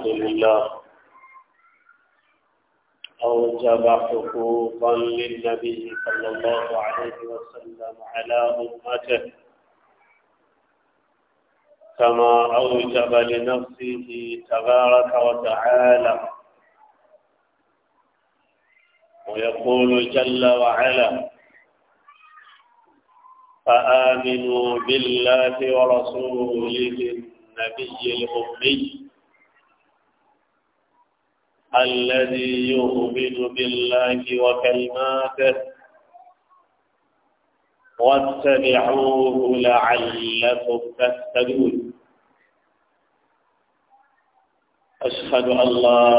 الحمد لله أوجب حقوقا للنبي صلى الله عليه وسلم على أمته كما أوجب لنفسه تبارك وتعالى ويقول جل وعلا فآمنوا بالله ورسوله النبي الأمي الذي يؤمن بالله وكلماته واتبعوه لعلكم تهتدون أشهد أن لا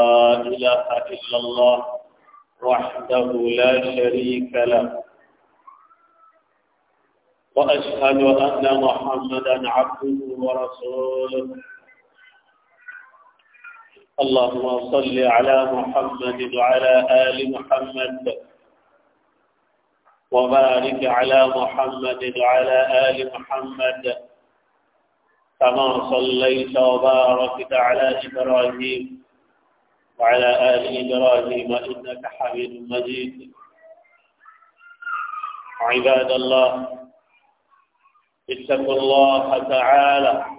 إله إلا الله وحده لا شريك له وأشهد أن محمدا عبده ورسوله اللهم صل على محمد وعلى آل محمد وبارك على محمد وعلى آل محمد كما صليت وباركت على إبراهيم وعلى آل إبراهيم إنك حميد مجيد عباد الله اتقوا الله تعالى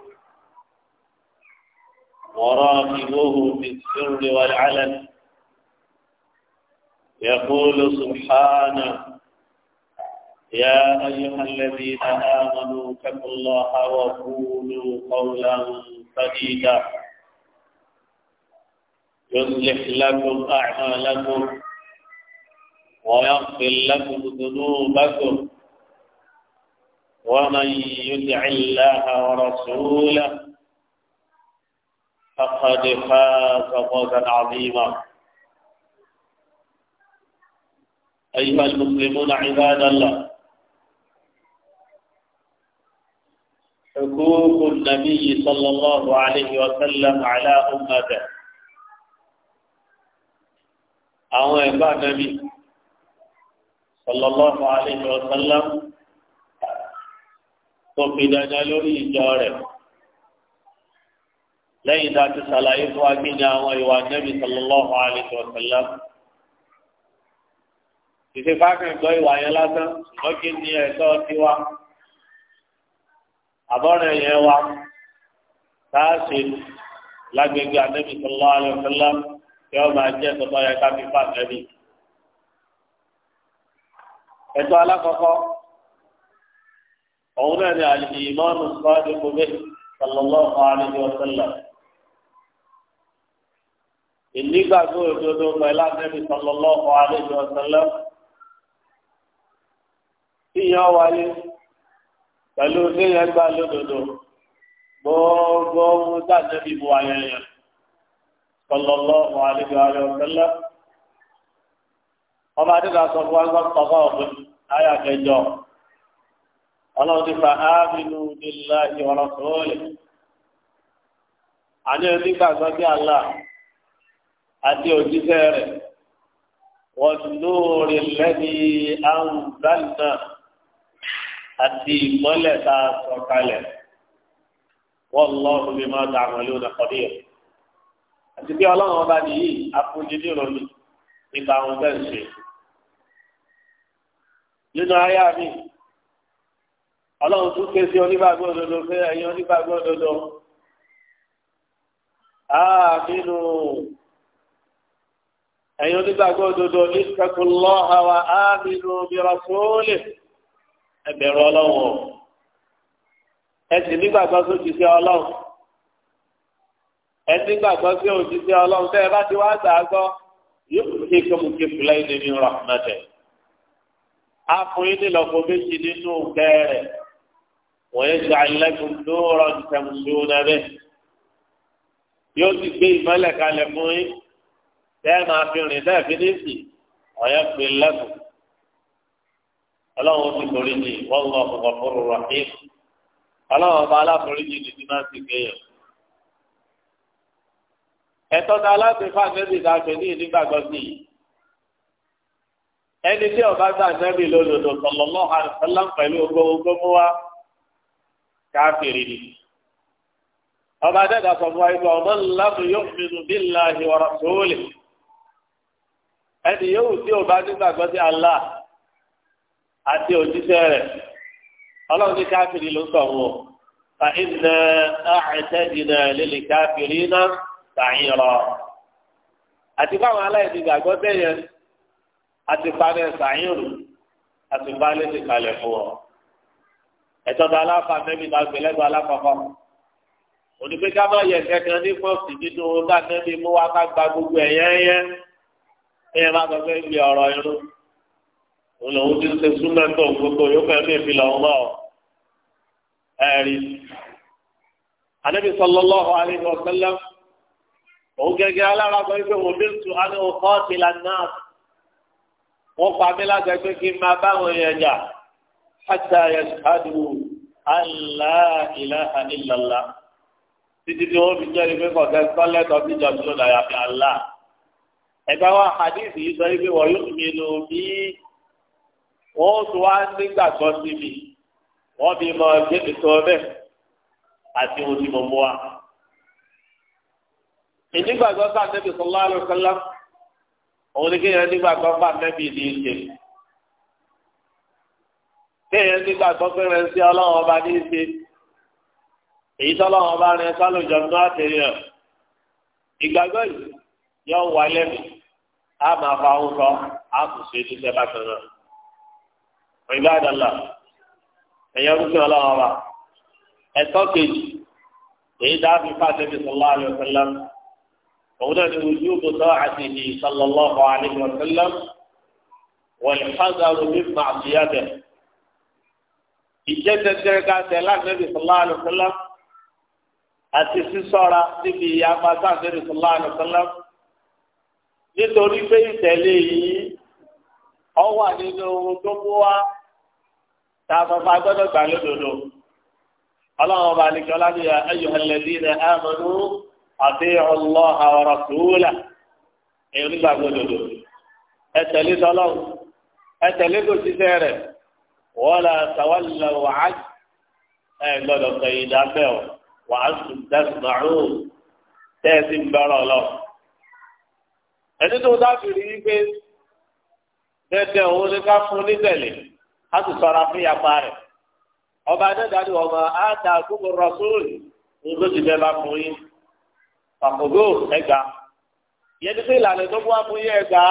وراقبوه في السر والعلن يقول سبحانه يا أيها الذين آمنوا اتقوا الله وقولوا قولا سديدا يصلح لكم أعمالكم ويغفر لكم ذنوبكم ومن يدع الله ورسوله فقد فاز فوزا عظيما أيها المسلمون عباد الله حقوق النبي صلى الله عليه وسلم على أمته او عباد النبي صلى الله عليه وسلم tó fi dandan جاره lẹ́yìn tá a ti ṣàlàyé fún agbẹ́ni àwọn ìwà nẹ́bí sallallahu alayhi wa sallam. ìṣèpákan ìgbọ́ ìwà yẹn lásán ṣùgbọ́n kí ni ẹ̀tọ́ tiwa àbọ̀rẹ̀ yẹn wa tá a ṣe lágbègbè anẹ́bí sallallahu alayhi wa kí wọ́n máa jẹ́ tọ́tọ́ yẹn ká fi fà nẹ́bí. ẹ̀tọ́ alákọ̀ọ́kọ́ òun náà ni àlìyé ìmọ̀ọ́nù sọ́ọ́dún kò ìnígbàgbọ́ òdodo pẹ̀lú ànábì sallallahu alaihi wasallam tíyan wáyé pẹ̀lú tíyan gbà lódodo gbogbo ohun tí ànábì bu ayẹyẹ sallallahu alaihi wasallam ọba adéga sọ fún wa tọ́kọ̀ ọ̀gbìn ayà kẹjọ ọlọ́run ti fa ámínú billahi wa rasulihi àní onígbàgbọ́ bí Allah àti òjíṣẹ́ rẹ̀ wọ́n lóore lẹ́ni àǹdánà àti ìmọ́lẹ̀ tá a sọ kalẹ̀ wọ́n lọ́ọ́ bí máa dà àwọn olóòdà kọ́dí ẹ̀. àti bí ọlọ́run ọba nìyí afúnjẹ nírọ̀lẹ́ nípa àwọn bẹ́ẹ̀ ṣe. nínú ayá mi ọlọ́run tún ké sí onígbàgbọ́ òdodo fẹ́ ẹ̀yin onígbàgbọ́ òdodo. àmínú. Ah, ẹ̀yin onígbàgbọ́ òdodo ittaqullaha wa aminu bi rasulihi ẹ bẹ̀rù ọlọ́run ẹ sì nígbàgbọ́ sójú sí ọlọ́run ẹ nígbàgbọ́ sí òjú sí ọlọ́run tẹ́ ẹ bá ti wá gbàgbọ́ yóò fi kékeré kékeré ní ní rahmatẹ àfọyín ní lọ́kọ̀ méjì nínú bẹ́ẹ̀rẹ̀ wọ́n yẹ ṣe àlẹ́kùn lóòrọ̀ ìtẹ̀mùsùn náà bẹ́ẹ̀ yóò ti gbé ìmọ̀lẹ̀ kalẹ̀ fún yín tẹ́ẹ̀ máa fi rìn tẹ́ẹ̀ fi nísì ọ̀yẹ́ pé lẹ́kùn ọlọ́run ti borí ni wọ́n lọ ọ̀pọ̀ fúru rọ̀kí ọlọ́run ọba aláforí ni ti máa ti gbé yẹn. ẹ̀tọ́ ta aláṣẹ fáńdẹ́bì ta pè ní ìdígbàgbọ́ sí i ẹni tí ọba gbà nẹ́bì lódodo sọlọ́lọ́ àṣẹlám pẹ̀lú ogógó mú wa káfíìrì ni. ọba dẹ́gbà sọ fún wa ikú ọmọ ńlá mi yóò fi nù bí ńlá ìwọ̀rọ̀ sóòlì ẹni yóò tí o bá nígbàgbọ́ sí Allah àti òjíṣẹ́ rẹ̀ ọlọ́run ní káfíìnì ló sọ wọn fa inna a'tadna lil kafirina sa'ira àti báwọn aláìní gbàgbọ́ bẹ́yẹ àti parẹ́ sàyìnrù àti balẹ̀ ti kalẹ̀ fún ọ ẹ̀tọ́ tó aláfa mẹ́bí náà gbẹlẹ́ tó aláfa fọ́ onígbèjà máa yẹ kẹkẹ ní fọ́ọ̀sì nínú dáná mú wá ká gba gbogbo ẹ̀yẹ́ yẹn ẹ bá sọ pé ibi ọ̀rọ̀ irun òun lòun ti ń ṣe súnmẹ́tò gbogbo yóò fẹ́ mí ìfilọ̀ ọmọ ẹ̀rí. Ànábì sallallahu alaihi wa sallam òun gẹ́gẹ́ alára sọ pé wò bí tu á ní ọkọ ti là náà wọ́n pa mí láti pé kí n máa báwọn èèyàn jà hatta yashhadu an la ilaha illallah títí tí wọ́n fi jẹ́rìí pé kọ̀ọ̀kẹ́ sọ́lẹ́tọ̀ sí ìjọba lónìí àyàfi ẹgbẹ́ wa hadith yìí sọ wípé wọ́n yóò mi lò bí wọ́n tún wá nígbàgbọ́ sí mi wọ́n bí mọ ẹgbẹ́ mi sọ bẹ́ẹ̀ àti ohun tí mo mú wa. ìnígbàgbọ́ sáà nẹ́bí sọlá lọ́sọ́lá òun ni kéèyàn nígbàgbọ́ bá nẹ́bí ní í ṣe. kéèyàn nígbàgbọ́ pẹ́rẹ́ sí ọlọ́run ọba ní í èyí sọlọ́run ọba rẹ sálòjọ́ ní àtẹ̀yẹ. ìgbàgbọ́ yìí yọ wà lẹ́nu a máa fa ohun sọ a kò ṣe é níṣẹ́ bákan náà. ìgbà àdàlà ẹ̀yẹ́ rúfin ọlọ́run ọba ẹ̀tọ́ kejì èyí dáàbí fàtẹ́bí sọlá àlùfẹ́lẹ́m òun náà ni ojú kò sọ àti ìdí sọlọ́lọ́hu àlùfẹ́lẹ́m wọ́n lè fàgàrò ní màṣíyàtẹ̀. ìjẹ́ tẹ́tẹ́ ká tẹ̀ láàbẹ̀bí sọlá àlùfẹ́lẹ́m àti sísọ́ra níbi ìyá pátá àbẹ̀bí sọlá àlùfẹ́lẹ́m nítorí pé ìtẹ̀lé yìí ọ wà nínú ohun tó mú wá tá a fọfọ agbọ́dọ̀ gbà lódodo ọlọ́run ọba àlejò ọlọ́dúnrún ayyuhal ladina amanu ati'u Allaha wa rasulahu èyí onígbàgbọ́ lòdò ẹ tẹ̀lé tọ́lọ́wù ẹ tẹ̀lé kò ṣiṣẹ́ rẹ̀ wala tawallaw wàá ẹ gbọ́dọ̀ kẹ̀yìn dábẹ́ wàá sùn dẹ́sùn àrùn tẹ́ẹ̀sì ń bẹ̀rọ̀ lọ ẹni tó dábì rí wípé dẹ́dẹ́ òun ni ká fún nítẹ̀lé a sì sọra fún yapa rẹ̀ ọba dẹ́dàdì ọmọ àtà gbogbo rọ́súlì ní ló ti bẹ́ẹ̀ bá fún yín pàkógó ẹgbà yẹn ti fi ìlànà tó wá fún yín ẹgbà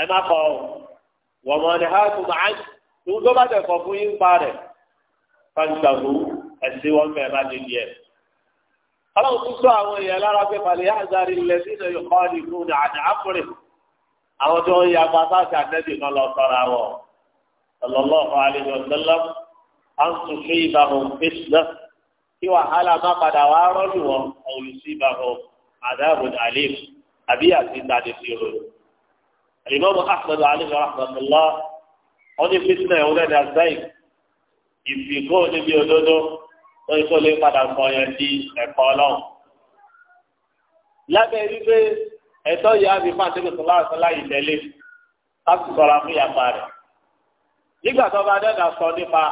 ẹ má kọ wọ́n mọ̀ ní hàtú màá tó tó bá tẹ̀ kọ fún yín pa rẹ̀ fáńtàgó ẹ̀sìn wọn fẹ́ẹ́ bá lè di ẹ̀ ọlọ́run tún sọ àwọn èèyàn lára pé pàlẹ́ àzárí ilẹ̀ nínú ìkọ́ ni fún àdá ápùrẹ̀ àwọn tó ń ya bàbá àti àtẹ́bí kan lọ sọ́ra wọ̀ sallallahu alaihi wasallam à ń tún fún ìbáhùn fèsìlá kí wàhálà má padà wá rọ́ọ̀lù wọn òun sí ìbáhùn àdáàbùn àlèm àbí àti ìtàdé sí òru. Al-Imam Ahmad alaihi rahmatullah lórí tó lè padà sọ yẹn di ẹ̀kọ́ ọlọ́run. lábẹ́ wípé ẹ̀tọ́ yìí á fi fún àtẹ́gbẹ̀sọ láàṣọ láyé tẹ́lẹ̀ ká sì sọ̀rọ̀ fún ìyàpá rẹ̀. nígbà tó bá dẹ́gbà sọ nípa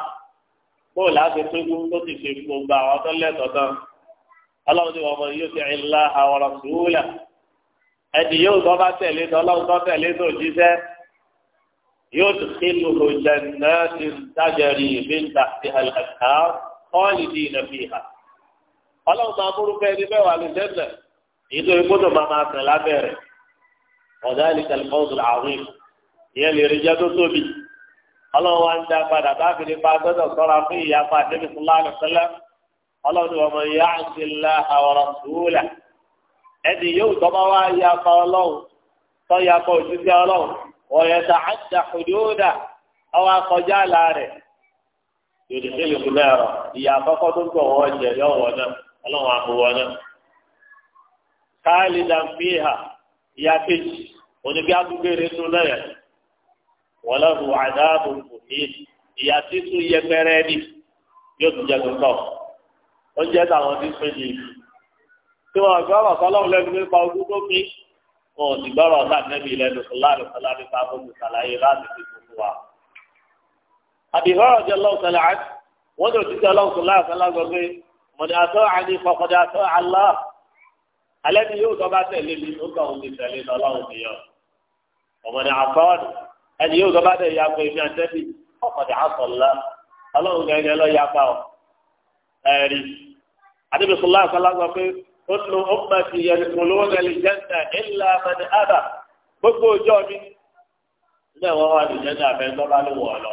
bóòlù àti pínpín tó ti ṣe gbogbo àwọn tó lẹ́tọ̀ọ́ ọlọ́run ti wọ̀ ọmọ yóò fi ìlà àwọn ọ̀rọ̀ sùúrù ẹni yóò tọ́ bá tẹ̀lé tọ́lọ́run tọ́ tẹ̀lé tó jíṣẹ́ yóò tún kí lóko jẹ̀ náà ti dájẹ́rì ìbí khalidina fiha ọlọ́run máa múrú bẹ́ẹ̀ ní bẹ́ẹ̀ wà ní jẹ́nà èyí tó gbọ́dọ̀ máa máa tẹ̀ lábẹ́rẹ̀ ọ̀dà ìlìkàlì mọ́tòlá àwọn ìyẹn lè rí jẹ́ tó tóbi ọlọ́run wa ń dá padà báàbí nípa gbọ́dọ̀ sọ́ra fún ìyapa débi fúlàní sẹ́lẹ̀ ọlọ́run wa mọ̀ yá àti ńlá àwọ̀rọ̀ sùúlà ẹni yóò tọ́ bá wá yapa ọlọ́run ọlọ́run yòlùsílì kùnàrọ ìyá àkọ́kọ́ tó ń tọ̀ wọ́n jẹ yọ wọ́n náà ọlọ́run àbò wọ́n náà. káàlì dàmbíhà ìyá kejì oníbí agbègbè tó náà wọ́n lọ́rù àdáàbò òní ìyá títú yẹpẹrẹ ni yóò tún jẹ tuntun ó jẹ́ táwọn tí pé ní ìlú. tí wọ́n gbọ́ ọ̀rọ̀ sọlọ́run lẹ́nu nípa ogún tó fi wọn ò sì gbọ́ ọ̀rọ̀ ọ̀sán nẹ́bí lẹ́nu sọlá àbí ìhọ́rọ̀ jẹ́ lọ́wọ́ sọlá àti wọ́n tó títí ọlọ́wọ́ sọlá àtàlá sọ pé mọ̀dé àtọ́ àní fọkọ̀dé àtọ́ àlá alẹ́ ni yóò tọ́ba tẹ̀lé mi ó kàn ń tẹ̀lé lọ́wọ́ mi yọ ọmọdé àfọ́ọ̀dù ẹni yóò tọ́ba tẹ̀lé ya pé mi àtẹ́bí fọkọ̀dé àtọ̀lá ọlọ́wọ́ gẹ́gẹ́ lọ́ ya pa ọ ẹ̀rí àdébí sọlá àtàlá sọ pé ó lo ti yẹn kúló gbogbo ọjọ́ mi ní ẹ̀wọ̀n wa lè jẹ́ ní abẹ́ ńlọ́ba ló wọ̀ ọ́ lọ.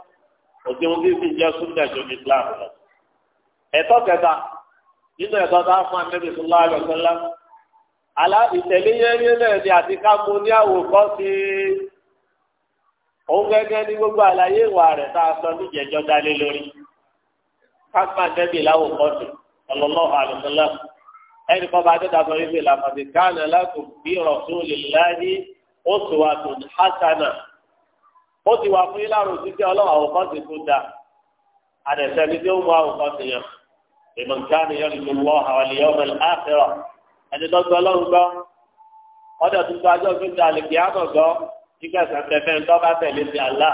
òsì wọn kí n sì jẹ́ súnjà jọ ní islam lọ. ẹ̀tọ́ kẹta nínú ẹ̀tọ́ tá a fún anábì sọlá àlọ́sọ́lá alá ìtẹ̀lé yẹ́nyẹ́ náà ni àti kámo ní àwòkọ́ sí òun gẹ́gẹ́ ní gbogbo àlàyé ìwà rẹ̀ tá a sọ níjẹ̀jọ́ dálé lórí kápá anábì láwòkọ́ sí ọlọ́lọ́hà àlọ́sọ́lá ẹnì kan bá dẹ́ta sọ wípé làmàdì kánà ó ti wà fún yín láàrú títí ọlọ́wọ́ àwòkọ́ ti tún da àdẹ̀sẹ́ni tí ó mú àwòkọ́ ti yàn ìmọ̀nkánì yọ nínú lọ àwọn ènìyàn ọmọ àfẹ́rọ̀ ẹni lọ́gbọ́n ọlọ́run gbọ́ ọdọ̀ tuntun ajọ́ tó da àlèkè àmọ̀ gbọ́ kíkẹ́sẹ̀ pẹpẹ ń tọ́ba tẹ̀lé ti àlá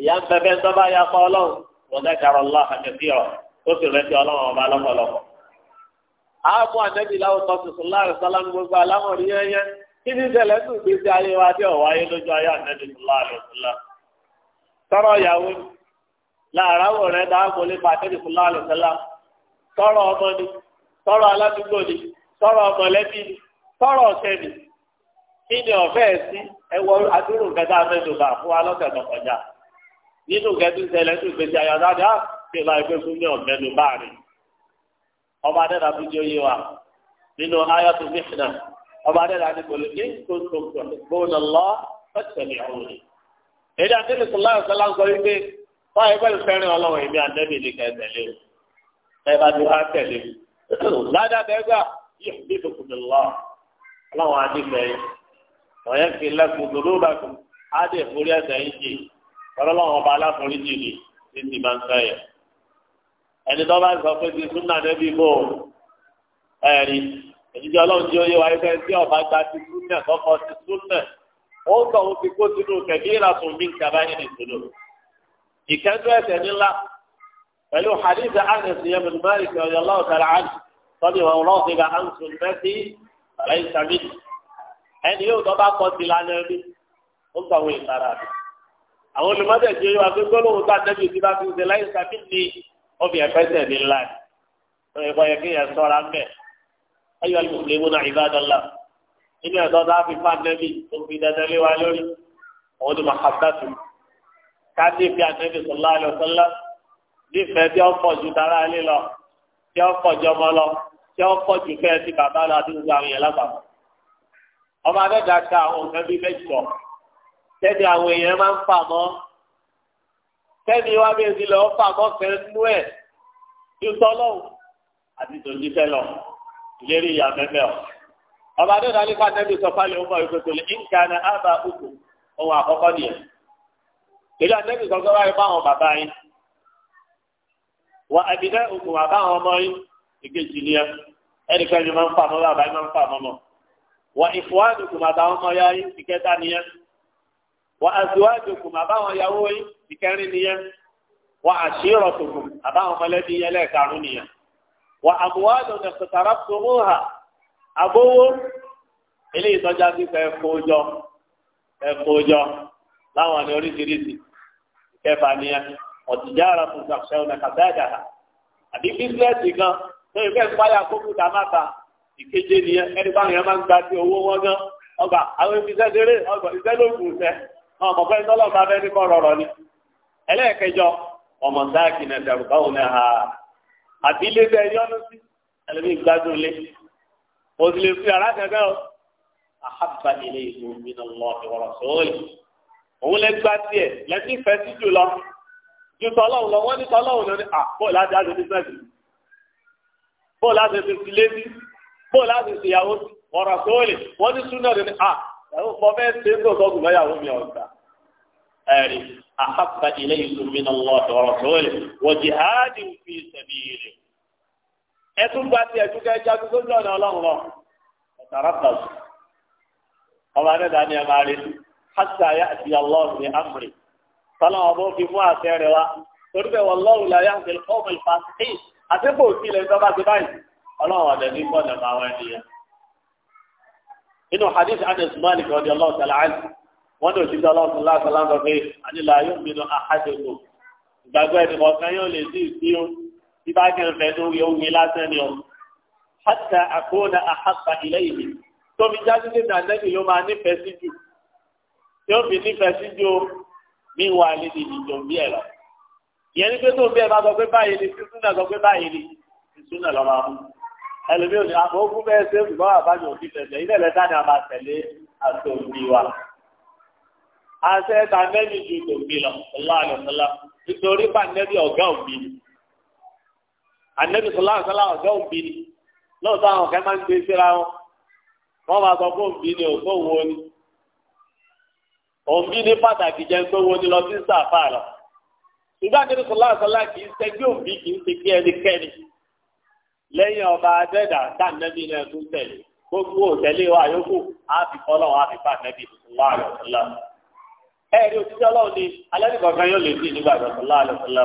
ìyá ń pẹpẹ ń tọ́ba ya pa ọlọ́run wọn dẹ́karọ̀ kí ni ṣẹlẹ̀ ní ìgbésí ayé wa tí ayé lójú ayé àtẹ́jú ńlá rẹ̀ ńlá tọrọ ìyàwó ni láàárọ̀ àwọ̀ rẹ̀ dáàbò lé pa àtẹ́jú ńlá ńlá tọrọ ọmọ ni tọrọ aládùúgbò ni tọrọ ọmọlẹ́bí ni tọrọ ni kí ni sí ẹwọ adúrú kẹta fún nínú kẹtù ayé wa nínú ọba adé láti kò lè ní tó tó tó gbóná lọ pẹ̀tẹ̀lẹ̀ ọ̀hún ni. èdè àtẹ́lẹ̀ sọlá ìsọlá ń sọ wípé wọ́n ayé pẹ̀lú fẹ́ràn ọlọ́run ìbí àtẹ́bí ní ká ẹ̀tẹ̀lé o ẹ bá ti wá tẹ̀lé o ládàá bẹ́gbà yóò bí tòkùnì lọ ọlọ́run adìgbẹ́ ọ̀yẹ́ fi lẹ́kùn dòdò bá kù adé ìforí ẹ̀sẹ̀ yìí jì ọlọ́run ọba aláforíjì ni ní ti máa ń sọ yẹ ẹni tó bá sọ pé ti súnà èyí ọlọ́run jẹ́ oyé wa ẹgbẹ́ tí ọba gba ti súnmẹ̀ tọkọ ti súnmẹ̀ ó ń tọ̀ ó ti kó sínú kẹ̀mí ìlàsùn mi kaba yìí nìṣòro ìkẹ́jú ẹ̀sẹ̀ nílá pẹ̀lú hadith anas yẹn bin malik ọ̀yọ́ lọ́wọ́ tẹ̀lé àná tọ́lẹ̀ wọn lọ́wọ́ ti ga ansun mẹ́sì ọ̀rẹ́ ìsàmì ẹni yóò tọ́ bá kọ́ ti lánà ẹni ó ń tọ̀ wọ ìtara ayé wa lùmùlẹ̀ wọn náà ìbádọ́lá nínú ẹ̀dọ́ tá a fi fa nẹ́bí tó fi dandan lé wa lórí àwọn tó máa ka bàtú káàdì fi ànẹ́bí sọ̀lá àlọ́ sọ́lá nífẹ̀ẹ́ bí ọ̀pọ̀ ju dára ilé lọ bí ọ̀pọ̀ ju ọmọ lọ bí ọ̀pọ̀ ju fẹ́ ti bàbá lọ àti gbogbo àwọn yẹn lápapọ̀ ọmọ abẹ́dá ka àwọn nǹkan bíi mẹ́jọ tẹ́ni àwọn èèyàn máa ń fà mọ́ tẹ́ni wá bí èsì lọ́ọ́ fà mọ́ fẹ́ nú ẹ̀ ju tọ́lọ́hùn ìlérí ìyá mẹ́mẹ́ ọ̀. ọba tó dáa nípa nẹ́bí sọ fáyọ̀ ọmọ ìgbésẹ̀ lè ń kan ábà òkú ohun àkọ́kọ́ nìyẹn. ìlú àtẹ́bí sọ sọ́wọ́ ayé báwọn bàbá yín. wà àbídẹ́ òkú wà báwọn ọmọ yín ìkejì nìyẹn. ẹnikẹ́ni máa ń fà mọ́ bàbá yín máa ń fà mọ́ mọ́. wà ìfọwọ́dù kù màbá ọmọ ya yín ìkẹta nìyẹn. wà àṣìwájú kù màbá àwọn yàwó yẹn lẹ́ẹ̀karùn-ún nìyẹn. wà àmúwádùn ní ṣùtàrà tòun hà àbówó ilé ìtọ́jà ti fẹ́ kójọ fẹ́ kójọ láwọn ní oríṣiríṣi kẹfà nìyẹn ọ̀tìjà ara tó ṣàṣẹ ọ̀nà kàtàdà àbí bísíǹsì kan tó ìfẹ́ ìpáyà kókùtà máta ẹni báwọn yẹn máa ń gba sí owó wọn gan ọgbà àwọn déré ọgbà iṣẹ́ ló kù sẹ́ ọmọ bá fẹ́ ní kọ́ rọrọ ni ẹlẹ́ẹ̀kẹjọ ọmọ àbí ilé tẹ yọnu sí ẹlẹ́bí gbádùn lé o sì lè fi ara kankan o àhábà ilé ìlú mi náà lọ ìwọ̀rọ̀ sóòlì òun lè gbá tiẹ̀ lẹ́sìn ìfẹ́ sí jù lọ ju tọ́lọ́hùn lọ wọ́n ní tọ́lọ́hùn lọ ní àpò láti á ti fi sẹ́ẹ̀sì bó láti fi fi lébi bó láti fi ìyàwó ọ̀rọ̀ sóòlì wọ́n ní súnà ní à ìyàwó fọ́ bẹ́ẹ̀ ṣe ń tó sọ́kùn lọ́yàwó mi ọ̀gbà ẹ̀rí. أحب إليكم من الله ورسوله وجهاد في سبيله ẹtún gba tiẹ̀ tún kẹ́ jagun sójú ọ̀nà ọlọ́run lọ ọ̀tàrà tàbí ọba dẹ́dà ni ẹ máa rí hasa ya àti ọlọ́run ní amúre tọ́lọ́n ọba ó fi mú àṣẹ rẹ wá torí bẹ́ẹ̀ wọ́n lọ́run la yá àti ọmọ ìfàsí àtẹ́kọ̀ òsì ilẹ̀ ìjọba ti báyìí ọlọ́run ọ̀dẹ̀ ní kọ́ ọ̀dẹ̀ máa wá ẹni yẹn. inú hadith anas malik rọ̀dí ọlọ́run tẹ̀lé àìsàn wọ́n tó ṣiṣẹ́ ọlọ́run lásán lásán pé ànílà yóò gbinú àhájòkò ìgbàgbọ́ ẹni kọ̀ọ̀kan yóò lè sí ìsí o tí bá kẹ́ ń fẹ́ tó yẹ omi lásán ni o hàtà àkóónà àhàpà ilé ìlú tó jáde nígbà nẹ́bí ló máa nífẹ̀ẹ́ sí jù tí ó fi nífẹ̀ẹ́ sí jù mí wà nídìí ìjọ bí ẹ̀ lọ. ìyẹn ní pé tó ń bí ẹ bá sọ pé báyìí ni sísúnà sọ pé báyìí ni sísúnà lọ máa mú ẹlòmíràn àmọ́ ó fún bẹ́ẹ̀ sẹ́fù lọ́wọ́ àbájọ òfin tẹ̀lé ilé ẹ̀lẹ́ta ni a máa tẹ̀lé àti òbí wa àṣẹ ta nẹ́bí ju tòbí lọ sallallahu alaihi wasallam nítorí bá nẹ́bí ọ̀gá òbí ni ànẹ́bí sallallahu alaihi wasallam ọ̀gá òbí ni lọ́sọ̀ àwọn kẹ́ máa ń gbé síra wọn wọ́n máa sọ fún òbí ni òfò wo ni òbí ni pàtàkì jẹ́ pé wo ni lọ sí sàfà lọ ṣùgbọ́n ànẹ́bí sallallahu alaihi wasallam kì í ṣẹgbẹ́ òbí kì í ṣe kí ẹnikẹ́ni lẹ́yìn ọba adẹ́dà tá nẹ́bí náà ẹ̀rí òtítọ́ ọlọ́run ni alẹ́ yóò lè sí nígbà ìrọ̀sọ̀lá àlọ́sọ̀lá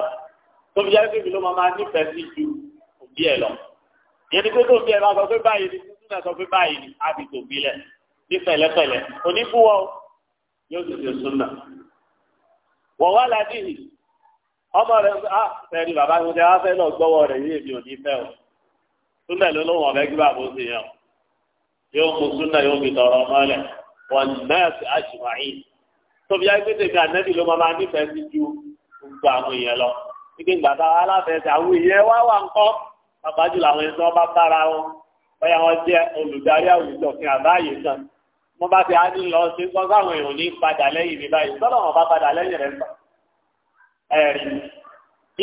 tó fi jáde pé ló máa máa nífẹ̀ẹ́ sí ju òbí ẹ̀ lọ. ìyẹn ni pé tó sọ báyìí ni tuntun náà sọ pé báyìí ni a ti tòbí lẹ̀ ní pẹ̀lẹ́pẹ̀lẹ́ onífúwọ́ yóò sì ṣe súnà. wọ́n wá ọmọ á fẹ́ẹ́ ni bàbá mi fẹ́ lọ gbọ́wọ́ ò ní fẹ́ tóbi ayé pété mi ànẹ́bí ló máa nífẹ̀ẹ́ sí ju gbogbo àwọn èèyàn lọ nígbà gbàgbà aláfẹsẹ̀ àwọn èèyàn wá wà ń kọ́ bàbá jùlọ àwọn ẹni tí wọ́n bá bára wọn bóyá wọ́n jẹ́ olùdarí àwùjọ fi àbáyé kan wọ́n bá ti á ní lọ sí kọ́ sáwọn èèyàn ní padà lẹ́yìn mi báyìí sọ́dọ̀ wọn bá padà lẹ́yìn rẹ̀ sọ. ẹ̀rí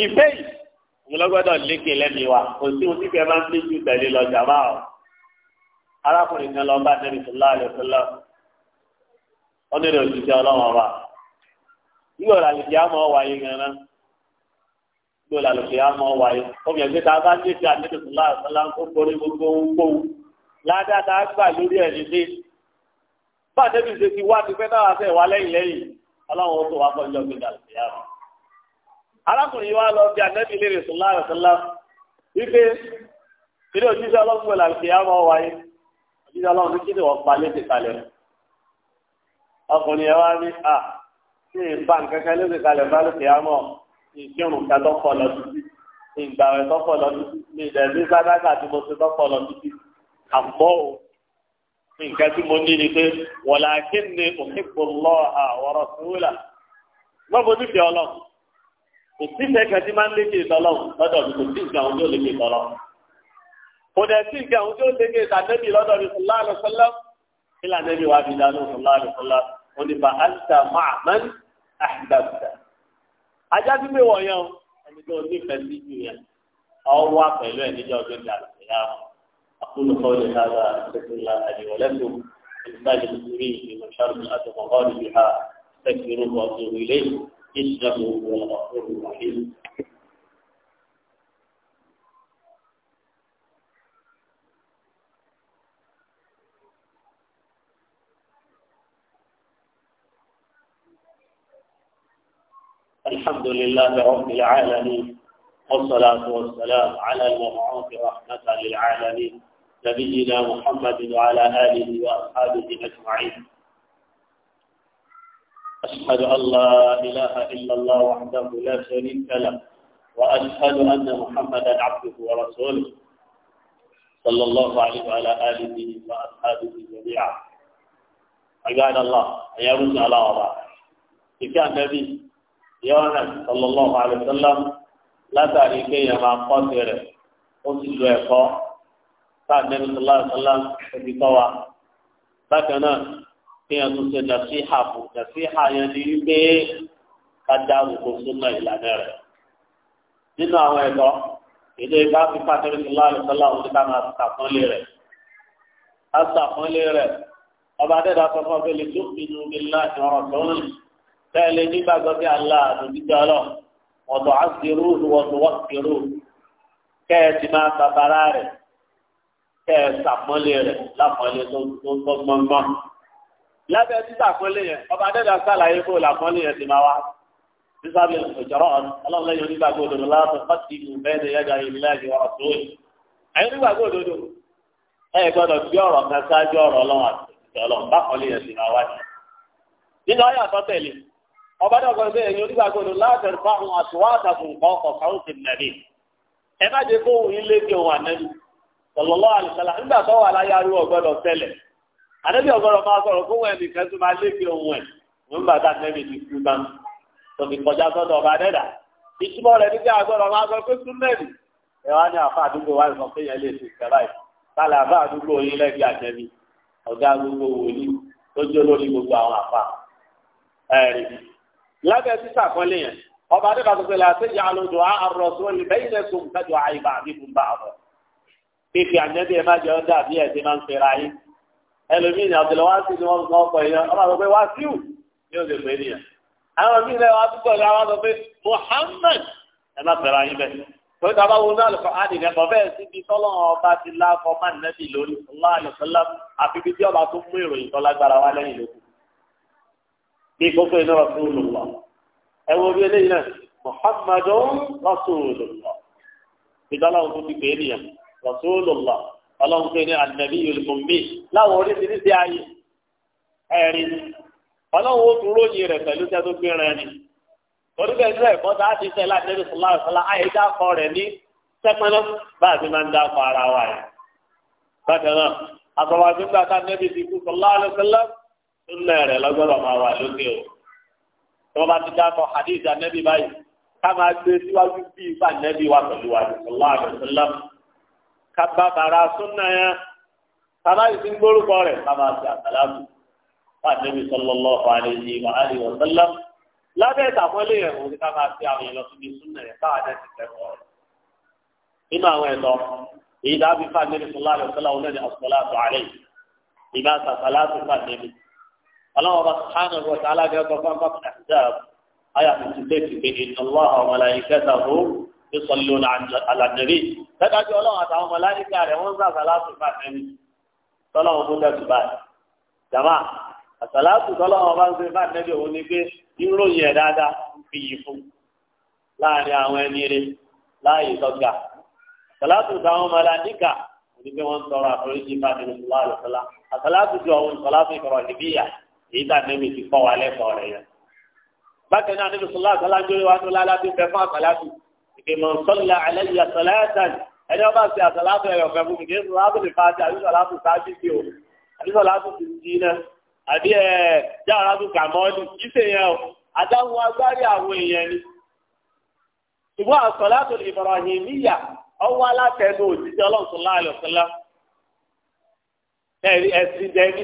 ìfẹ́ yìí òun lọ́gbọ́dọ̀ lékè lẹ́mìí wa kò sí ohun tífẹ́ máa ń gbé ju tẹ̀lé lọ jàmbá o arákùnrin kan lọ bá nẹ́bí sọ́lá àlẹ́ sọ́lá wọ́n nílò òṣìṣẹ́ ọlọ́wọ́n wa yóò là àmọ́ wáyé gan-an yóò àmọ́ wáyé omi ẹ̀gbẹ́ ta bá ní ìfẹ́ àdéhùnsọ́lá àtọ́lá ń kó borí gbogbo ohun ládàá gbà lórí ẹ̀ nílé bá débi ṣe ti wá ti fẹ́ náà fẹ́ wá lẹ́yìn lẹ́yìn ọlọ́wọ́n tó wá pọ̀ ìjọba ìjà àmọ́ arákùnrin wa lọ bí anẹ́bí lè rìsùnlá rìsùnlá wípé ilé òjíṣẹ́ ọlọ́run gbọ́dọ̀ àti wáyé òjíṣẹ́ ọlọ́run ní kí ọkùnrin yẹn wá ní à ṣé ìbá nǹkankan ló ti kalẹ̀ bá lókè àmọ́ ìkírun ká tọ́pọ̀ lọ títí ìgbàwẹ̀ tọ́pọ̀ lọ títí ní ìdẹ̀bí sádákà tí mo ti tọ́pọ̀ lọ títí àmọ́ o nǹkan tí mo ní ni pé wọ̀lá kí ni òkèkùn lọ àwọ̀rọ̀ síwúlà wọ́n bo nífẹ̀ẹ́ ọlọ́run kò sí ìfẹ́ kan tí máa ń lékè ìtọ́lọ́run lọ́dọ̀ mi kò sí ìgbà àwọn tó lékè ìtọ́lọ́run kò dẹ̀ sí ìgbà àwọn tó lékè ìtàdébì kílà nẹ́bí wa fi dáná ọ̀sán láàrin fọlá wọn ni bàálítà mahamman ahibabta ajá tí mi wọ̀ yẹn o ẹni tó nífẹ̀ẹ́ sí ju yẹn ọwọ́ wa pẹ̀lú ẹ̀ níjọ́ tó dà ìyá أقول قولي هذا أستغفر الله لي ولكم إنسان المسلمين في مشار الأرض وغالبها استغفروه وأتوب إليه إنه هو الغفور الرحيم الحمد لله رب العالمين والصلاة والسلام على المبعوث رحمة للعالمين نبينا محمد وعلى آله وأصحابه أجمعين أشهد أن لا إله إلا الله وحده لا شريك له وأشهد أن محمدا عبده ورسوله صلى الله عليه وعلى آله وأصحابه جميعا عباد الله يا رسول الله إن كان النبي yọ̀ọ́nà sallallahu alaihi wasallam látàrí kéèyàn máa kọ́ tirẹ̀ ó sì lo ẹ̀kọ́ káàdẹ́nu sallallahu alaihi wasallam ẹbí kọ́ wa bákan náà kéèyàn tún ṣe nàṣíhà fún nàṣíhà yẹn ni wípé ká dá gbogbo súnmọ́ ìlànà rẹ̀ nínú àwọn ẹ̀kọ́ èdè ìgbà fífà tẹ́lẹ̀ sallallahu alaihi wasallam òun ni ká máa ṣàpọ́nlé rẹ̀ á ṣàpọ́nlé rẹ̀ ọba adẹ́dàá tẹ́lẹ̀ nígbàgbọ́ bí Allah àdùnjíjọ́ lọ wọ́tọ̀ àṣírú wọ́tọ̀ wọ́kìrú kẹ́ ẹ ti máa rẹ̀ rẹ̀ tó tó gbọ́ngbọ́n. lábẹ́ sísàpọ́nlé yẹn ọba dẹ́dà sàlàyé kó yẹn ti máa wá. sísàbí fọ́tì yájà ọba náà kọ́ ẹgbẹ́ ẹ̀yin onígbàgbọ́ ló látẹ̀rù fún àwọn àtúwá àtàkùn nǹkan ọkọ̀ nàbí ẹ má jẹ́ kóhùn yín lébi òun ànẹ́bí sọlọ́lọ́ àlùsálà nígbà tó wà láyé arúgbó tẹ́lẹ̀ ànẹ́bí máa sọ̀rọ̀ fún máa òun ẹ̀ ti kú bá kọjá sọ́dọ̀ ọba dẹ́dà ìtumọ̀ rẹ̀ nígbà máa sọ lábẹ́ sísà kọ́lé yẹn ọba adébá tó fẹ́lẹ́ àti ìyá àlọ́ dùn àrọ̀ tó lè bẹ́yìn lẹ́ tó nǹkan dùn àyè bàbí fún bá ọ̀rọ̀ fífi àjẹ́bí ẹ má jẹ́ ọjà bí ẹ̀ ti máa ń fẹ́ra yín ẹlòmíì ní àbẹ̀lẹ̀ wá sí ni wọ́n sọ ọkọ̀ yẹn ọba àgbẹ̀ wá sí ù ní òde pé nìyẹn àwọn míì lẹ́yìn wá túbọ̀ ní àwọn sọ pé Muhammad ẹ má fẹ́ra yín bẹ́ẹ̀ torí ta bá wo náà lọ́kọ̀ á nìyẹn kọ̀ bẹ́ẹ̀ síbi tọ́lọ́run ọba ti lákọ̀ máa nẹ́bí lórí ọlá àlùfẹ́lá àfi bí tí ọba tó mú ìròyìn tọ́lágbára wá lẹ́yìn lókun bí gbogbo iná rasulullah ẹ wo bí eléyìí náà muhammadu rasulullah ìdálá òkú ti pè é nìyẹn rasulullah ọlọ́run pé ní ànàbí olùkùnmí láwọn oríṣiríṣi ayé ẹ̀rí ọlọ́run ó dúró yìí rẹ̀ pẹ̀lú tẹ́ tó gbé rẹ̀ ni torí bẹ́ẹ̀ sọ ẹ̀kọ́ tá a ti sẹ́ láti ẹ̀rí sọlá ìfọlá ayé dákọ rẹ̀ ní sẹ́pẹ́nà bá a ti máa ń dákọ ara wa yẹn. bákan náà àtọwà nígbà tá a ti kú sọlá àlùfẹ́lẹ́ sunna rẹ̀ lọ́gbọ́dọ̀ máa wà lókè o tí wọ́n bá ti dákọ̀ hadith anabi báyìí ká máa gbé síwájú bí ipa anabi wa pẹ̀lú wa sallallahu alaihi wasallam ká bá bàrà sunna yẹn kàmá yìí ti ń gbórúkọ rẹ̀ kàmá ti àkàlámù fún anabi sallallahu alaihi wa alihi wasallam lábẹ́ ìtàkọ́lé yẹn òun ni ká máa fi àwọn ìlọsùn bíi sunna yẹn káwá náà ti kẹ́kọ̀ọ́ rẹ̀ nínú àwọn ẹ̀tọ́ èyí dábì fún anabi sallallahu ọlọ́wọ́ bá sùhánù rọ̀ sí alágbèbọ̀ fún bàbá àjáàb ayà fìtì tẹ́tì pé iná lọ́hà ọmọláyíkẹ́ta ó ti sọ lò àlànàrí dájú ọlọ́wọ́ àtàwọn ọmọláyíkà rẹ̀ wọ́n ń sàfà láti fà fẹ́mi tọ́lọ́wọ́ fún dẹ́tù báyìí jàmá àsàlátù tọ́lọ́wọ́ bá ń ṣe fà nẹ́bí òun ni pé ìròyìn ẹ̀ dáadáa ń fi yìí fún láàrin àwọn ẹni rẹ láàyè tọ́gbà àsàlátù táwọn ọmọláyíkà òun ni pé wọ́n ń tọrọ àforíjì fà nẹ́bí èyí tá nẹ́bí ti kọ́ wa lẹ́kọ̀ọ́ rẹ̀ yẹn. bákan náà níbi sọlá àtàlà ń jórí wa tó lálá tó fẹ́ fún àtàlà tó ìpè mọ̀ sọ́lá alẹ́ yìí àtàlà ẹ̀sán ẹni wọ́n bá ṣe àtàlà tó ẹ̀yọ̀ fẹ́ fún mi kì í sọlá tó lè fa àti àbí sọlá tó sáájú sí o àbí sọlá tó ti di iná àbí ẹ̀ jáwọ́lá tó kà mọ́ ọdún kì í ṣe yẹn o àdáhùn agbárí àwọn èèyàn ni. ṣùgbọ́n àsọlá tó lè bọ̀rọ̀ yìí níyà ọwọ́ alátẹnu òjijì ọlọ́run sọlá àlọ́sọlá ẹ̀sìn dẹ́ni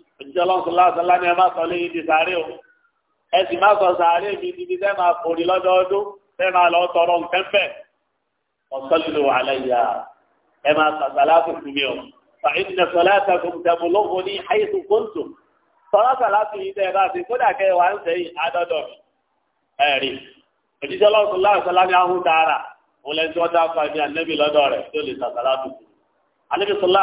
òjíṣẹ́ ọlọ́sùn lásán lámì ẹ má sọ léyìn di sàárè o ẹ sì má sọ sàárè mi níbi tẹ́ máa forí lọ́dọọdún tẹ́ máa lọ tọrọ nǹkan fẹ́ ọ̀sọ́lùlù àlàyé ẹ máa sàgbàlá fún mi o fàyín nà sọlá tẹkùn tẹkùn lóko ní àyètò kóńtò sọlá sàlá fi yín tẹ́ ẹ bá ti kódà kẹ́ ẹ wà ń sẹ́yìn adọ́dọ̀ ẹ̀rí òjíṣẹ́ ọlọ́sùn lásán lámì ahùn dára wọn lẹ́ni tí wọ́n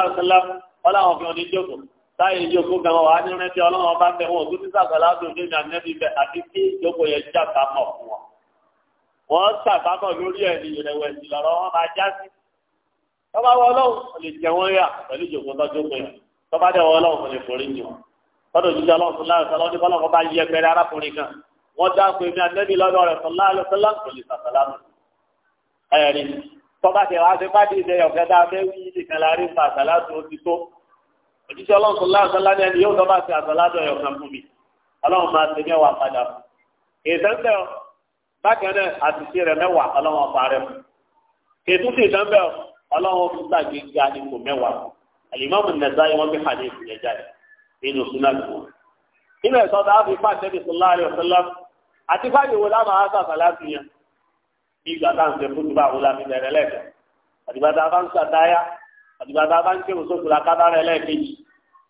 dá táyé ìjókòó gan wà á ní rántí ọlọ́run ọba bẹ wọn òtún sísàgbà ládùn ní ànẹ́bí bẹ àti kí ìjókòó yẹn jàkámọ̀ fún wọn. wọ́n sàkámọ̀ lórí ẹ̀rí ìrẹ̀wẹ̀sì lọ́rọ̀ wọn máa já sí. tọ́ba wọ ọlọ́run lè jẹ wọ́n yà pẹ̀lú ìjókòó tọ́jú pé tọ́ba dẹ̀ wọ ọlọ́run lè forí ni wọn. tọ́dọ̀ jíjẹ ọlọ́run fún láàrín sọlọ́ ní kọ́lọ́kọ́ bá yẹ pẹ̀lú arákùnrin kan wọ́n dá pé ní ànẹ́bí lọ́dọ̀ rẹ̀ sọlá lọ́sọlá kò lè sàtàlámù. ẹ̀rín tọ́ba tẹ̀ wá sí pàdé ìdẹ́yọ̀ kẹta bẹ́ẹ̀ wí ìdìkan láàrín fàṣà láti ó ti tó òjíṣẹ́ ọlọ́run sọlá àgbàlá ní ẹni yóò tọ́ bá ti àgbàlá dọ̀ ẹ̀yọ̀ kan fún mi ọlọ́run máa ṣe mẹ́wàá padà fún ìtẹ́ńtẹ́ ọ bákan náà àtìsí rẹ mẹ́wàá ọlọ́run ọ̀pá rẹ fún ètò sì ìtẹ́ńtẹ́ ọ ọlọ́run fún tàgé ga ní kò mẹ́wàá fún alimami nẹ̀dá yìí wọ́n fi hàn ní ìpìlẹ̀ nínú sunan ìgbà tá a bá ń ṣàtáyà àtìgbà tá a bá ń ṣe òṣòfò làkàtà rẹ lẹ́ẹ̀kejì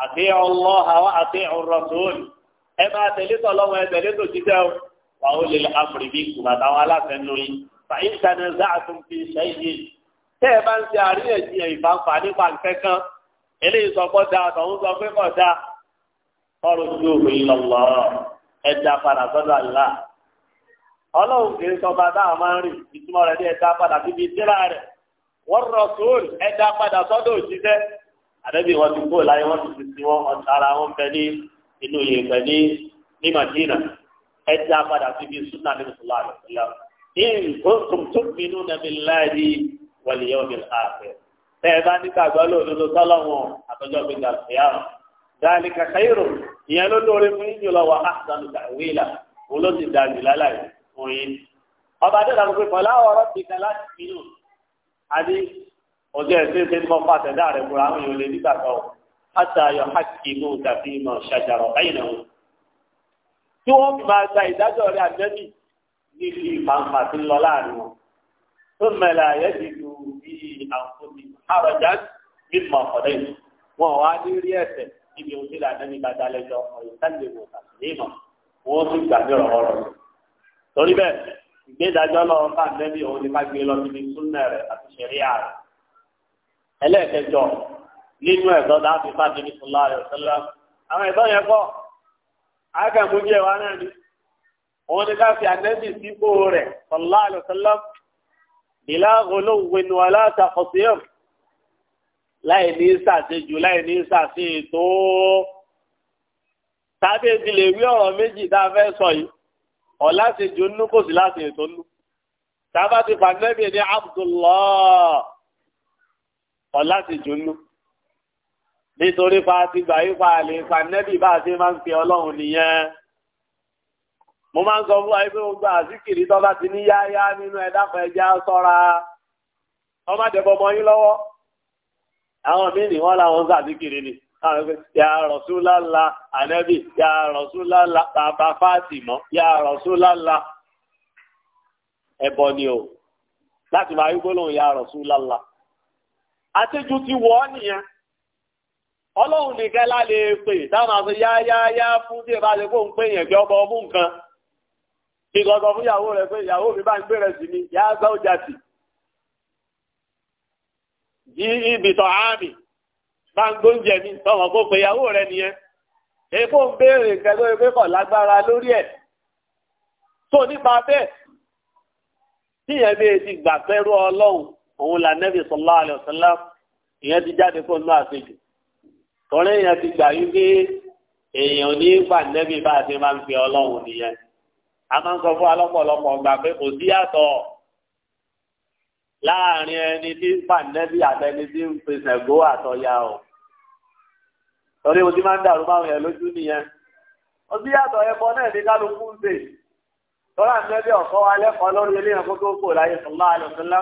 أطيعوا الله وأطيعوا الرسول إما تلت الله وتلت كتاب وأولي الأمر منكم وتولى فنوي فإن تنازعتم في شيء تبا سيارية فانفعني فانفكا إلي سوف دا تهون سوف دا فرجوه إلى الله ẹja padà sọ́dọ̀ àlá ọlọ́run kì í sọba dáa máa ń rìn ìtumọ̀ rẹ̀ ní ẹja padà síbi ìdíra rẹ̀ wọ́n rọ̀ sóòlù ẹja padà sọ́dọ̀ òṣìṣẹ́ àdẹ́bí wọn ti kó láyé wọn ti sisi wọn ọ̀tara wọn bẹ ní inú yìí bẹ ní ní Madina ẹ ti apadà sí bí sunna ní musulman àlùfẹ́lá ní nǹkan tó pinnu nàbí láàyè wọlé yẹn omi àfẹ tẹ ẹ bá ní gbàgbọ́ lòdòdó sọlọ́wọ́n àtọ́jọ́ mi gbà fìyà dáàlì kàkàyèrò ìyẹn ló lóore fún yín jùlọ wà á sànù òun ló ti dàbí lálàyé fún yín ọba dẹ́gbàgbọ́ pé fọlá ọ̀rọ̀ ti kàlá ti pinnu ọjọ́ ẹ̀sìn ṣe ní mo fa àtẹ̀dá rẹ̀ múra àwọn èèyàn lè nígbà kan o àti ayọ̀ hákì mú tàbí mọ̀ ṣàjàrọ̀ báyìí náà. tí wọ́n fi máa gba ìdájọ́ rẹ̀ àjẹ́bì níbi ìfàǹfà tí ń lọ láàrin wọn. tó mẹ́lẹ̀ ayé ti du bí àǹfọ̀nì àròjà mímọ̀ ọ̀dẹ́ yìí. wọn wá ní rí ẹ̀sẹ̀ níbi ohun tí làdá ní bàtà lẹ́jọ́ ọ̀yìn sálẹ̀ tàbí mímọ̀ wọ́n tún gbà ọ̀rọ̀ ẹlẹ́ẹ̀kẹjọ nínú ẹ̀dọ́ láti fàdé ní fúnlá rẹ̀ sọ́lá àwọn ẹ̀dọ́ yẹn kọ́ ágàmúdí ẹ̀wà náà ni òun ni ká fi ànẹ́bì sípò rẹ̀ sọ́lá rẹ̀ sọ́lá ìlà olóògbénu aláṣàkọsíyàn láì ní sàṣejù láì ní sàṣe ètò tàbí ti lè wí ọ̀rọ̀ méjì tá a fẹ́ sọ yìí ọ̀ láṣejù nínú kò sí láṣe ètò nínú tàbá ti fàdé ní Abdullah ọ̀la sì jùlọ nítorí pa ti gbà yí pa àlè pa nẹ́bì bá a ṣe máa ń fi ọlọ́run nìyẹn mo máa ń sọ fún wa pé mo gba àzíkìrì tó bá ti ní yáyá nínú ẹ̀dá kan ẹja sọ́ra wọ́n má dẹ̀ bọmọ yín lọ́wọ́ àwọn míì ní wọ́n làwọn ń sàzíkìrì ni àwọn ẹgbẹ́ ya rọ̀ṣúlálà ànẹ́bì ya rọ̀ṣúlálà bàbá fáàtìmọ́ ya rọ̀ṣúlálà ẹ̀bọ ni o láti máa yí gbólóhùn ya rọ̀ṣúlálà àtijọ́ ti wọ̀ ọ́ nìyẹn ọlọ́run nìkan lálẹ́ pè táwọn àti yáyáyá fún tí ìbá ṣe kó ń pè yẹn bí ọba ọmú nǹkan kí gbọ́dọ̀ fún ìyàwó rẹ̀ pé ìyàwó mi bá ń gbé rẹ̀ sí mi yá gbá ọjà sí yí ibìtọ̀ áàmì bá ń gbóúnjẹ mi tọmọ kó pe ìyàwó rẹ̀ nìyẹn èèfó ń béèrè nǹkan lórí pé kò lágbára lórí ẹ̀ tó nípa bẹ́ẹ̀ tíyẹn bí etí gbà pẹ́rú ọlọ́run òun là nẹ́bí sallallahu alaihi wasallam ìyẹn ti jáde fún inú àṣejù tọ́lẹ́ ìyẹn ti gbà yín pé èèyàn ní gbà nẹ́bí bá a ti máa ń fi ọlọ́run nìyẹn a máa ń sọ fún alọ́pọ̀lọpọ̀ gbà pé kò sí yàtọ̀ láàrin ẹni tí ń gbà nẹ́bí àtẹni tí ń pèsè gbó àtọ̀yà o torí mo ti máa ń dàrú máwọn yẹn lójú nìyẹn ó sì yàtọ̀ ẹbọ náà ní kálukú ń tọ́lá nẹ́bí ọ̀kọ́ wa lẹ́kọ̀ọ́ lórí ilé ẹ̀kọ́ tó kò láyé sọ̀lá àlùfẹ́lá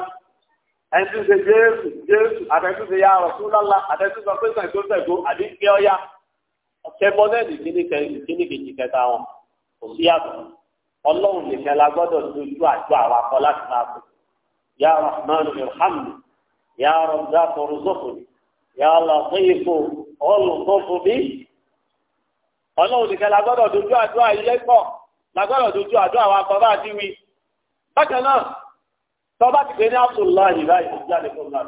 ẹnití ṣe jésù jésù àtẹ̀túnṣe ya Rasulullah àtẹ̀túnṣe pẹ́sẹ̀ tó tẹ̀gbó àdínkẹ́ ọ̀yá ọ̀kẹ́ bọ́dẹ̀lì kíní kíní kejì kẹta wọn kò sí ọlọ́run nìkan la gbọ́dọ̀ dojú àjọ àwọn akọ láti máa ya rahman ya rọ̀dá tọrọ ya ọlọ́run nìkan la gbọ́dọ̀ dojú àjọ la gbọ́dọ̀ dojú àjọ àwọn akọ tọ́ba ti pè ní abdullahi báyìí ti jáde fún náà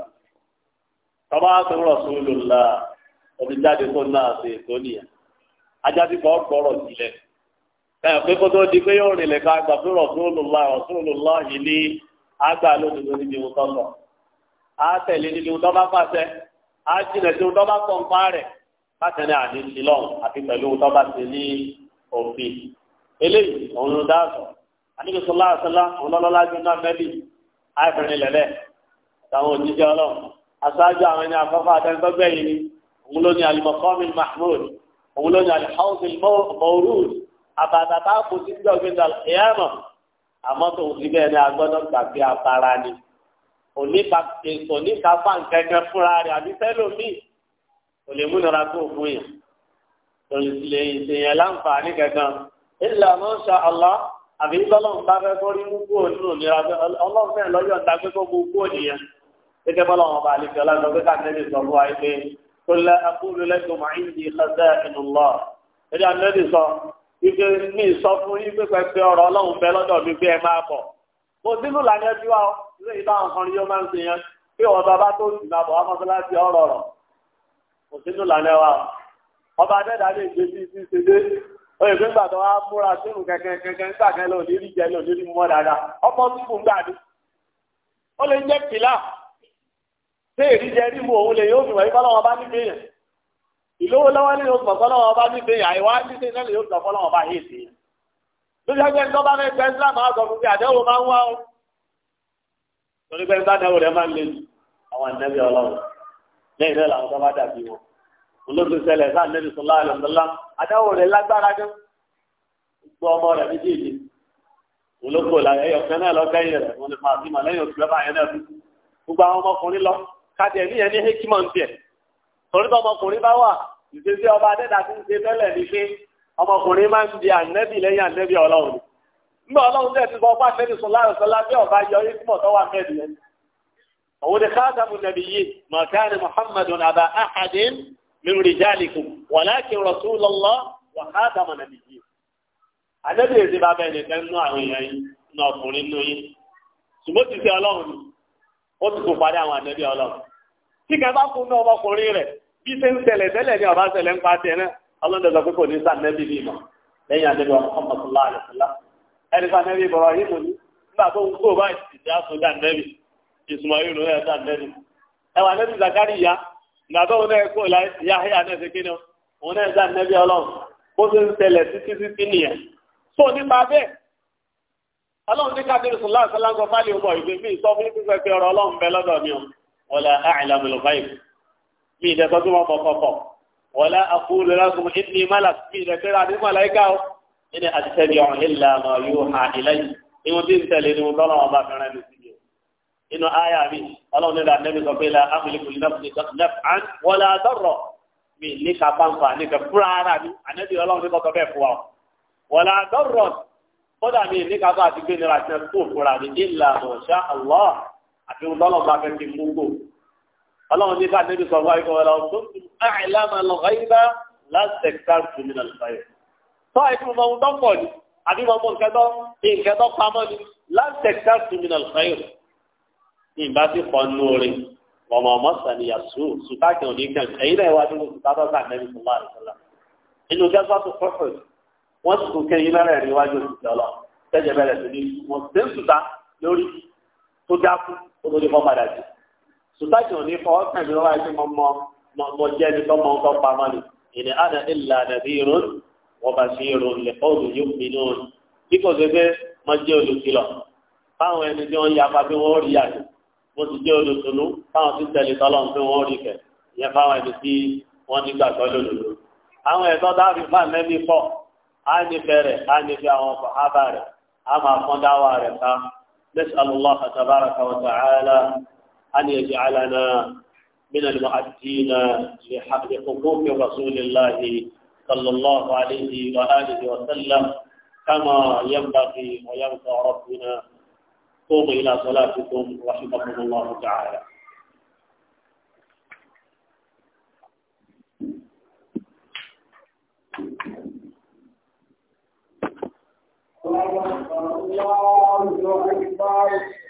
tọ́ba ti rọ̀ sólù ńlá omi jáde fún náà ṣe ètò nìyẹn ajáde kan gbọ́rọ̀ sílẹ̀ ẹ pé kó tó di pé yóò rìnlẹ̀ ká gbà pé rọ̀sólù ńlá rọ̀sólù ńlá yìí ní àgbà lódodo níbi ohun tó sọ á tẹ̀lé níbi ohun tó bá pàṣẹ á jìnà sí ohun tó bá pọ̀ ń pa rẹ̀ látẹ̀lé àdé sílọ̀n àti pẹ̀lú ohun tó bá ti ní òfin eléyìí òun ló dáàbò àníbi sọlá àṣẹlá òun lọ́lọ́lá jù náà àìfìrin lẹ̀lẹ̀ àtàwọn òjíṣẹ́ ọlọ́run aṣáájú àwọn ẹni àkọ́kọ́ àtẹnudọ́gbẹ́ yìí ni òun ló ní alimọ̀kọ́mi mahmud òun ló ní alihawsil mawrud àbàtàtà kò sí ní ọ̀gbìn alkiyama àmọ́ tó ń síbẹ̀ ní agbọ́dọ̀ gbàgbé afárá ni oníkàfà nkẹ́kẹ́ fúnra rẹ̀ àbí fẹ́lòmíì kò lè múnira tó fún yẹn lè ṣe láǹfààní kankan illa ma sha Allah àbí tọ́lọ́run bá fẹ́ kó rí mú kúrò nínú ìnira ọlọ́run fẹ́ lọ́yọ̀ ta pé kó mú kúrò nìyẹn gẹ́gẹ́ bọ́lá wọn bá àlejò ọlọ́run pé káàkiri sọ fún wa pé kó lẹ akúlù lẹ́kùn máa ń di ṣẹ́ṣẹ́ inú lọ. ẹ̀dí àmì sọ wípé mi sọ fún yín pé pẹpẹ ọ̀rọ̀ ọlọ́run bẹ lọ́dọ̀ mi pé ẹ máa bọ̀. mo sínú làyẹn bí wa ilé ìbá nǹkan yóò máa ń ṣe yẹn pé wọn bàbá tó sì máa bọ̀ wá mọ́sálásí ọ̀rọ̀ rọ̀ mo sínú làyẹn wa ọba adẹ́dàá lè gbé sí sí ṣe dé oye pé nígbà tó wá múra sínú kẹ̀kẹ́ kẹ̀kẹ́ nígbà kan lọ lérí jẹ lọ lérí mọ́ dáadáa ọmọ síbù ń gbàdú ó lè jẹ́ pìlà ṣé èrí jẹ rí mu òun lè yóò fi wáyé fọlọ́wọ́n bá nígbè yẹn ìlówó lọ́wọ́ ní oṣù fọlọ́wọ́n bá nígbè yẹn àìwá nígbè náà lè yóò sọ bá lójú ẹgbẹ́ máa sọ fún mi àdéhùn máa ń wá o torí pé dáwọ́ rẹ̀ máa ń olóòtú ṣẹlẹ̀ sáà nẹbi sọlá àlọsọlá adáwò rẹ lágbára dé gbọ́ ọmọ rẹ méjèèjì olóko la ẹyọ fẹ náà lọkẹ yìí rẹ wọn lè máa bí ma lẹ́yìn oṣù mẹ́fà yẹn náà fi gbogbo àwọn ọmọkùnrin lọ kájẹ ní yẹn ní hekima ń tiẹ torí bá ọmọkùnrin bá wà ìṣesí ọba adẹ́dà tó ń ṣe tẹ́lẹ̀ ní pé ọmọkùnrin máa ń di ànẹ́bì lẹ́yìn ànẹ́bì ọlọ́run nígbà ọlọ́run tẹ̀ ti sọ fún àtẹ́bì sọlá àrùsọlá bí ọba yọ yé túmọ̀ tọ́wọ́ àmẹ́bì yẹn òun ni káàtàmù nàbì yìí mọ̀kánì muhammadun àbá ahadin min rijalikum walakin rasulullah wa khatama nabiyyi anabi ezi ba bẹni kan nu àwọn èèyàn yìí nu ọkùnrin nu yìí ṣùgbọ́n ti ṣe ọlọ́run ni ó ti tún parí àwọn anabi ọlọ́run tí kan bá kún ní ọmọkùnrin rẹ bí ṣe ń ṣẹlẹ̀ tẹ́lẹ̀ ní ọba ṣẹlẹ̀ ń pa tiẹ̀ náà ọlọ́run sọ pé kò ní sá nẹ́bí ní ìmọ̀ lẹ́yìn anabi wa muhammad sallallahu alayhi wa sallam ẹni fa nẹ́bí ibrahim ni nígbà tó ń kó báyìí ti ṣe àṣọ dá nẹ́bí ìsùnmọ̀ yìí ló yẹ dá nẹ́bí ẹwà nẹ́bí zakariya ìgbàgbọ́ òun náà kó yáhíà náà ṣe kí ni òun náà dá nẹ́bí ọlọ́run bó ṣe ń tẹ̀lẹ̀ títí títí nìyẹn. tó nípa bẹ́ẹ̀ ọlọ́run ní kábíyèrè sùn láti láńgọ fálì ọgbọ̀ ìgbé mi sọ fún pípẹ́ pé ọ̀rọ̀ ọlọ́run bẹ lọ́dọ̀ mi wọlé àìlàmìlò báyìí mi ìdẹ́kọ́ tó mọ̀ pọ̀pọ̀pọ̀ wọlé àkúrò lásùn ìdí inú àyà mi ọlọ́run nílò ànẹ́bí sọ pé la amúlẹ́kùn naf'an wala darra mi ní ká pàǹpà ní ká fúra ara mi ànẹ́bí ọlọ́run ní kọ́kọ́ bẹ́ẹ̀ fún wa wala darra kódà mi ní ká bá àti gbé nira àti ẹ̀kọ́ fúra mi illa ma sha Allah àti ọlọ́run bá fẹ́ fi mú gbò ọlọ́run ní ká ànẹ́bí sọ wáyé kọ́ ọlọ́run tó tún àìlámà lọ́gáyìnbá láti tẹ̀ká ìbá ti kọ́ nú orin ọmọ ọmọ sàníyà sùúrù sùtá kìí òní kàn ẹ̀yin náà wá nínú sùtá tó sàn nẹ́bí sùn láàrin sọ́la inú gẹ́gbà tó kọ́kọ́ wọ́n sì kún kẹ́yìn lára ẹ̀rí wájú òṣìṣẹ́ ọlọ tẹ́jẹ̀ bẹ̀rẹ̀ sí ní wọ́n sì ń sùtá lórí tó dákú tó tó ní kọ́ padà jù sùtá kìí òní kọ́ ọ̀sán mi lọ́wọ́ ẹni mọ́ mọ́ jẹ́ ẹni tó mọ́ tó pamọ́ ni ìní àná ìlà nàbírun wọ́n bá sí irun bó ti jẹ́ olùsùnú táwọn ti tẹ̀lé tọ́lọ́ pé wọ́n rí kẹ̀ ìyẹn fáwọn ẹni tí wọ́n ní gbàgbọ́ lòlòlò. àwọn ẹ̀tọ́ dáàbì fà mẹ́bí pọ̀ á nífẹ̀ẹ́ rẹ̀ á nífẹ̀ẹ́ àwọn sàhábà rẹ̀ á máa fọ́n dáwà rẹ̀ ká نسأل الله تبارك وتعالى أن يجعلنا من المؤدين لحقوق رسول الله صلى الله عليه وآله وسلم كما ينبغي ويرضى ربنا قوموا إلى صلاتكم رحمكم الله تعالى الله أكبر الله أكبر